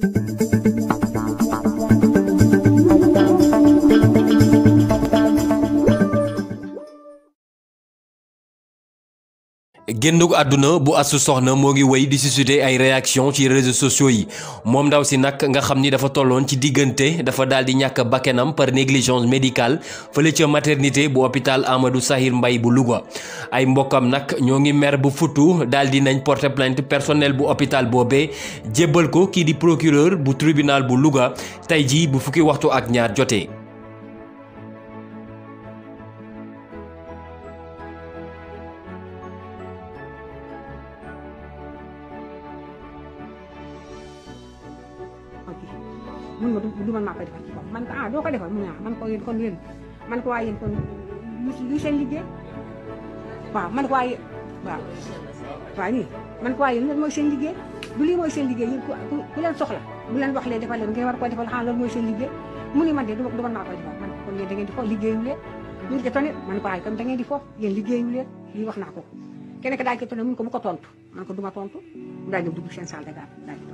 Thank you. génnug àdduna bu Astou Sokhna moo ngi woy di susciter ay réaction ci réseaux sociaux yi moom ndaw si nag nga xam ni dafa tolloon ci diggante dafa daal di ñàkk bakkenam par négligence médicale fële ca maternité bu hôpital Amadou Sahir Mbaye bu Louga ay mbokkam nag ñoo ngi mer bu futu dal di nañ porter plainte personnel bu hôpital boobe jébbal ko kii di procureur bu tribinal bu Louga tey jii bu fukki waxtu ak ñaar jotee mun ma du man maa koy man ko ah ko defal ah, man ko yéen kon yéen man ko waaye yéen kon lu seen liggéey waaw man ko waaye waaw waaw nii man ko waaye yéen mooy seen liggéey du lii mooy seen liggéey yéen ku leen soxla bu leen wax lee defal leen ngeen war koo defal xanaa ah, loolu mooy seen liggéey mu ne man de du man maa koy da ngeen di foofu liggéeyu liggéey ñu ko tone man ko waaye kon da ngeen di ko keneen ka daal ko tone mun ko bu ko tontu man ko du ma tontu mu daal di dugg seen salle de garde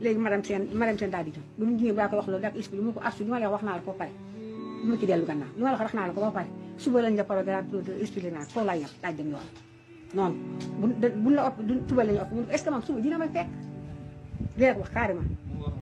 léegi madame Sène madame Sène daal di jëm bu mu jigéen baa koy wax loolu dak expliqué mu ko arsu li ma la wax naa la ko ba pare bu ma ci dellu gannaaw li ma la wax wax naa la ko ba pare suba lañ la programme expliqué naa foofu laay yem daaj la ëpp suba lañu ëpp est ce que man suba dina ma fekk léegi wax carrément